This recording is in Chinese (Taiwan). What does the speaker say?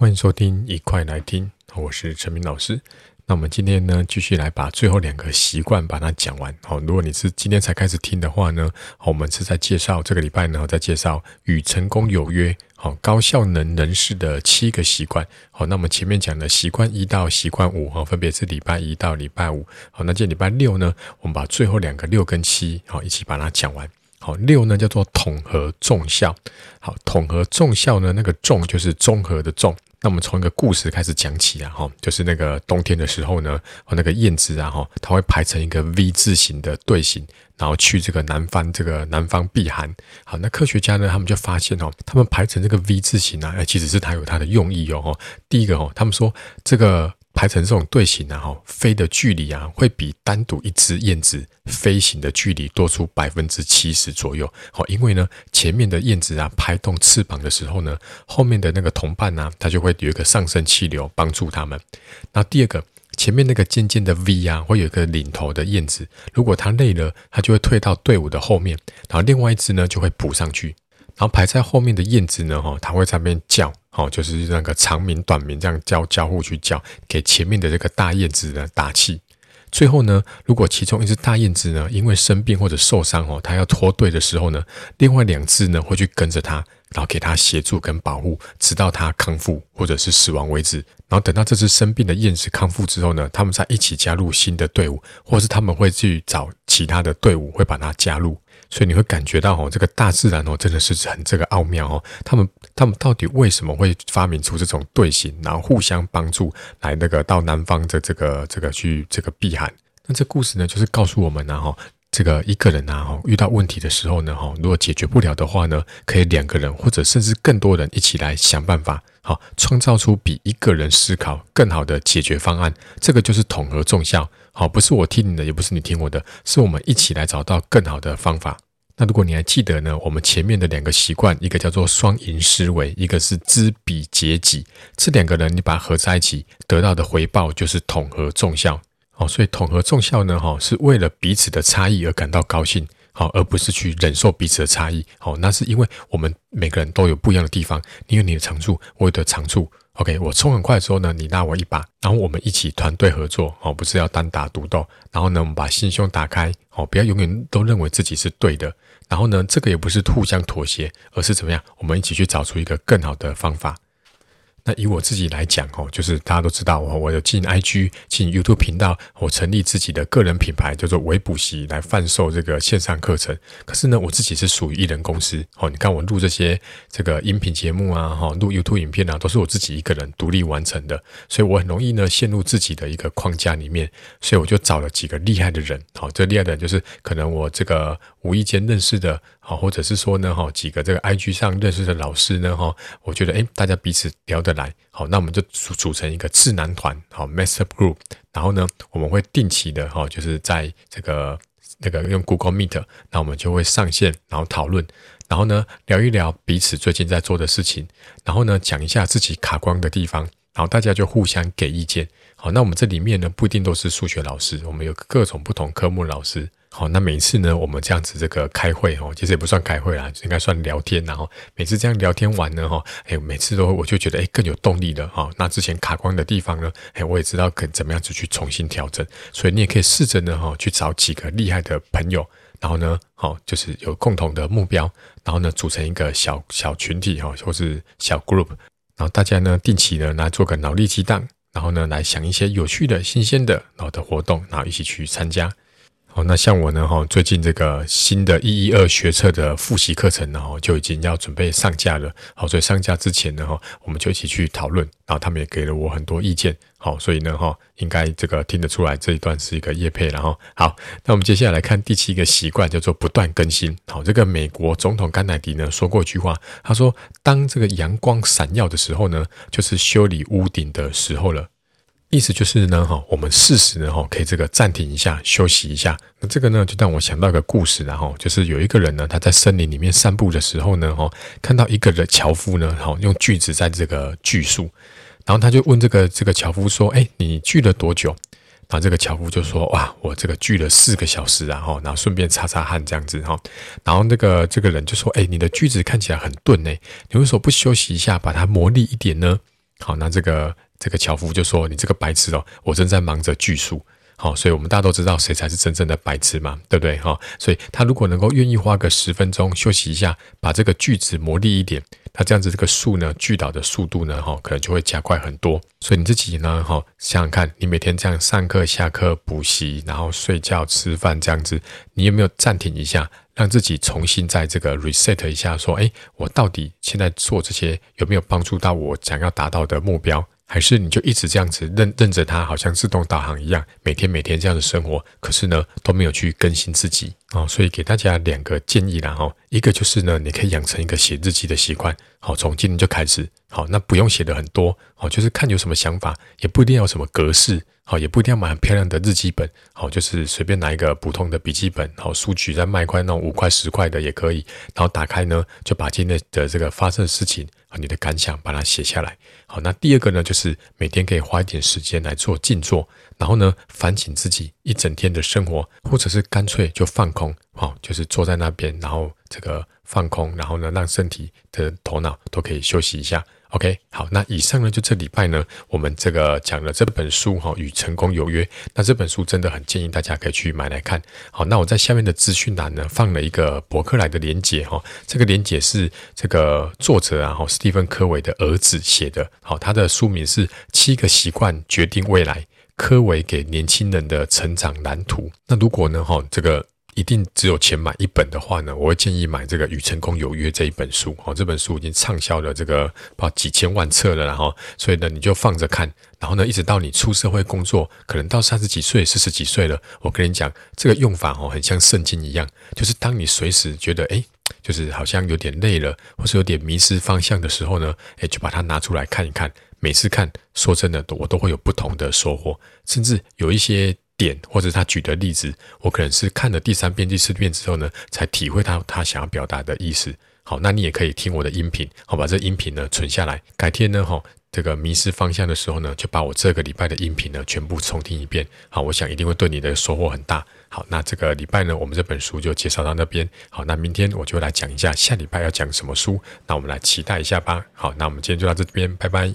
歡迎收聽，一塊來聽。我是陳明老師。那我們今天呢，繼續來把最後兩個習慣把它講完。好、哦，如果你是今天才開始聽的話呢，我們是在介紹這個禮拜呢，在介紹與成功有約，好，高效能人士的七個習慣。好，那麼前面講的習慣一到習慣五分別是禮拜一到禮拜五。好，那今天禮拜六呢，我們把最後兩個六跟七，好，一起把它講完。好，六呢叫做統合綜效。好，統合綜效呢，那個綜就是綜合的綜。那我們從一個故事開始講起啊，哈，就是那個冬天的時候呢，哦，那個燕子啊，哈，它會排成一個 V 字形的隊形，然後去這個南方，這個南方避寒。好，那科學家呢，他們就發現哦，他們排成這個 V 字形啊，哎，其實是它有它的用意哦，第一個哦，他們說這個。排成這種隊形啊，然後飛的距離啊，會比單獨一隻燕子飛行的距離多出百分之七十左右。好，因為呢，前面的燕子啊，拍動翅膀的時候呢，後面的那個同伴啊，它就會有一個上升氣流幫助它們。那第二個，前面那個尖尖的 V 啊，會有一個領頭的燕子，如果它累了，它就會退到隊伍的後面，然後另外一隻呢，就會補上去。然後排在後面的燕子呢，哈，它會在那邊叫。哦，就是那個長鳴、短鳴這樣交交互去交，給前面的這個大燕子呢打氣。最後呢，如果其中一只大燕子呢，因為生病或者受傷哦，它要脫隊的時候呢，另外兩隻呢會去跟着它，然後給它協助跟保護，直到它康復或者是死亡為止。然後等到這只生病的燕子康復之後呢，他們再一起加入新的隊伍，或是他們會去找其他的隊伍，會把它加入。所以你會感覺到哦，這個大自然哦，真的是很這個奧妙哦。他們他們到底為什麼會發明出這種隊形，然後互相幫助來那個到南方的這個這個去這個避寒？那這故事呢，就是告訴我們呢、啊、哈，這個一個人呢、啊、哈遇到問題的時候呢哈，如果解決不了的話呢，可以兩個人或者甚至更多人一起來想辦法，好，創造出比一個人思考更好的解決方案。這個就是統合綜效。好，不是我聽你的，也不是你聽我的，是我們一起來找到更好的方法。那如果你還記得呢，我們前面的兩個習慣，一個叫做雙贏思維，一個是知彼解己。這兩個人你把它合在一起，得到的回報就是統合綜效。哦，所以統合綜效呢，哈，是為了彼此的差異而感到高興，好，而不是去忍受彼此的差異。哦，那是因為我們每個人都有不一樣的地方，你有你的長處，我有的長處。OK，我衝很快的時候呢，你拉我一把，然後我們一起團隊合作，哦，不是要單打獨鬥，然後呢，我們把心胸打開，哦，不要永遠都認為自己是對的，然後呢，這個也不是互相妥協，而是怎麼樣，我們一起去找出一個更好的方法。那以我自己來講哦，就是大家都知道我，我有進 IG、進 YouTube 頻道，我成立自己的個人品牌，叫做微補習，來販售這個線上課程。可是呢，我自己是屬於一人公司哦。你看我錄這些這個音頻節目啊，哈、哦，錄 YouTube 影片啊，都是我自己一個人獨立完成的，所以我很容易呢陷入自己的一個框架裡面，所以我就找了幾個厲害的人。好、哦，這厲害的人就是可能我這個無意間認識的。好，或者是說呢，哈，幾個這個 IG 上認識的老師呢，哈，我覺得哎，大家彼此聊得來，好，那我們就組組成一個智囊團，好，Master Group，然後呢，我們會定期的哈，就是在這個那、這個用 Google Meet，那我們就會上線，然後討論，然後呢聊一聊彼此最近在做的事情，然後呢講一下自己卡關的地方，然後大家就互相給意見，好，那我們這裡面呢不一定都是數學老師，我們有各種不同科目的老師。好、哦，那每一次呢，我們這樣子這個開會哦，其實也不算開會啦，應該算聊天。然後每次這樣聊天完呢，哈，哎，每次都我就覺得哎更有動力了。哈、哦，那之前卡關的地方呢，哎，我也知道可怎麼樣子去重新調整。所以你也可以試着呢，哈，去找幾個厲害的朋友，然後呢，好、哦，就是有共同的目標，然後呢，組成一個小小群體哈，或是小 group，然後大家呢定期呢來做個腦力激盪，然後呢來想一些有趣的新鮮的腦的活動，然後一起去參加。好、哦，那像我呢，哈、哦，最近這個新的一一二學測的復習課程呢，哈、哦，就已經要準備上架了。好、哦，所以上架之前呢，哈、哦，我們就一起去討論，然後他們也給了我很多意見。好、哦，所以呢，哈、哦，應該這個聽得出來這一段是一個業配然後、哦、好，那我們接下來來看第七個習慣叫做不斷更新。好、哦，這個美國總統甘乃迪呢說過一句話，他說：“當這個陽光閃耀的時候呢，就是修理屋頂的時候了。”意思就是呢，哈，我們適時呢，哈，可以這個暫停一下，休息一下。那這個呢，就讓我想到一個故事，然後就是有一個人呢，他在森林裡面散步的時候呢，哈，看到一個人樵夫呢，哈，用鋸子在這個鋸樹，然後他就問這個這個樵夫說：“哎，你鋸了多久？”然後這個樵夫就說：“哇，我這個鋸了四個小時啊，然後然後順便擦擦汗這樣子哈。”然後那個這個人就說：“哎，你的鋸子看起來很鈍哎，你為什麼不休息一下，把它磨利一點呢？”好，那這個。這個樵夫就說：“你這個白痴哦，我正在忙着鋸樹，好、哦，所以我們大家都知道誰才是真正的白痴嘛，對不對？哈、哦，所以他如果能夠願意花個十分鐘休息一下，把這個鋸子磨利一點，那這樣子這個樹呢鋸倒的速度呢，哈、哦，可能就會加快很多。所以你自己呢，哈、哦，想想看，你每天這樣上課、下課、補習，然後睡覺、吃飯這樣子，你有沒有暫停一下，讓自己重新再這個 reset 一下，說，哎，我到底現在做這些有沒有幫助到我想要達到的目標？”還是你就一直這樣子認認着他，好像自動導航一樣，每天每天這樣的生活，可是呢，都沒有去更新自己。哦，所以給大家兩個建議啦，哈，一個就是呢，你可以養成一個寫日記的習慣，好、哦，從今天就開始，好、哦，那不用寫的很多，好、哦，就是看有什麼想法，也不一定要有什麼格式，好、哦，也不一定要買很漂亮的日記本，好、哦，就是隨便拿一個普通的筆記本，好、哦，書局再賣一塊那種五塊十塊的也可以，然後打開呢，就把今天的這個發生的事情和、哦、你的感想把它寫下來，好、哦，那第二個呢，就是每天可以花一點時間來做靜坐，然後呢，反省自己一整天的生活，或者是乾脆就放空。空，好、哦，就是坐在那邊，然後這個放空，然後呢，讓身體的頭腦都可以休息一下。OK，好，那以上呢，就這禮拜呢，我們這個講了這本書哈、哦，與成功有約。那這本書真的很建議大家可以去買來看。好，那我在下面的資訊欄呢，放了一個博客來的連結哈、哦，這個連結是這個作者啊，後史蒂芬科維的兒子寫的。好、哦，他的書名是《七個習慣決定未來：科維給年輕人的成長藍圖》。那如果呢，哈、哦，這個一定只有錢買一本的話呢，我會建議買這個《與成功有約》這一本書。哦，這本書已經暢銷了，這個怕幾千萬冊了，然、哦、後所以呢，你就放着看。然後呢，一直到你出社會工作，可能到三十幾歲、四十幾歲了，我跟你講，這個用法哦，很像聖經一樣，就是當你隨時覺得哎，就是好像有點累了，或是有點迷失方向的時候呢，哎，就把它拿出來看一看。每次看，說真的，我都會有不同的收穫，甚至有一些，點或者他舉的例子，我可能是看了第三遍、第四遍之後呢，才體會到他，他想要表達的意思。好，那你也可以聽我的音頻，好，把這音頻呢存下來，改天呢哈，這個迷失方向的時候呢，就把我這個禮拜的音頻呢全部重聽一遍。好，我想一定會對你的收穫很大。好，那這個禮拜呢，我們這本書就介紹到那邊。好，那明天我就來講一下下禮拜要講什麼書，那我們來期待一下吧。好，那我們今天就到這邊，拜拜。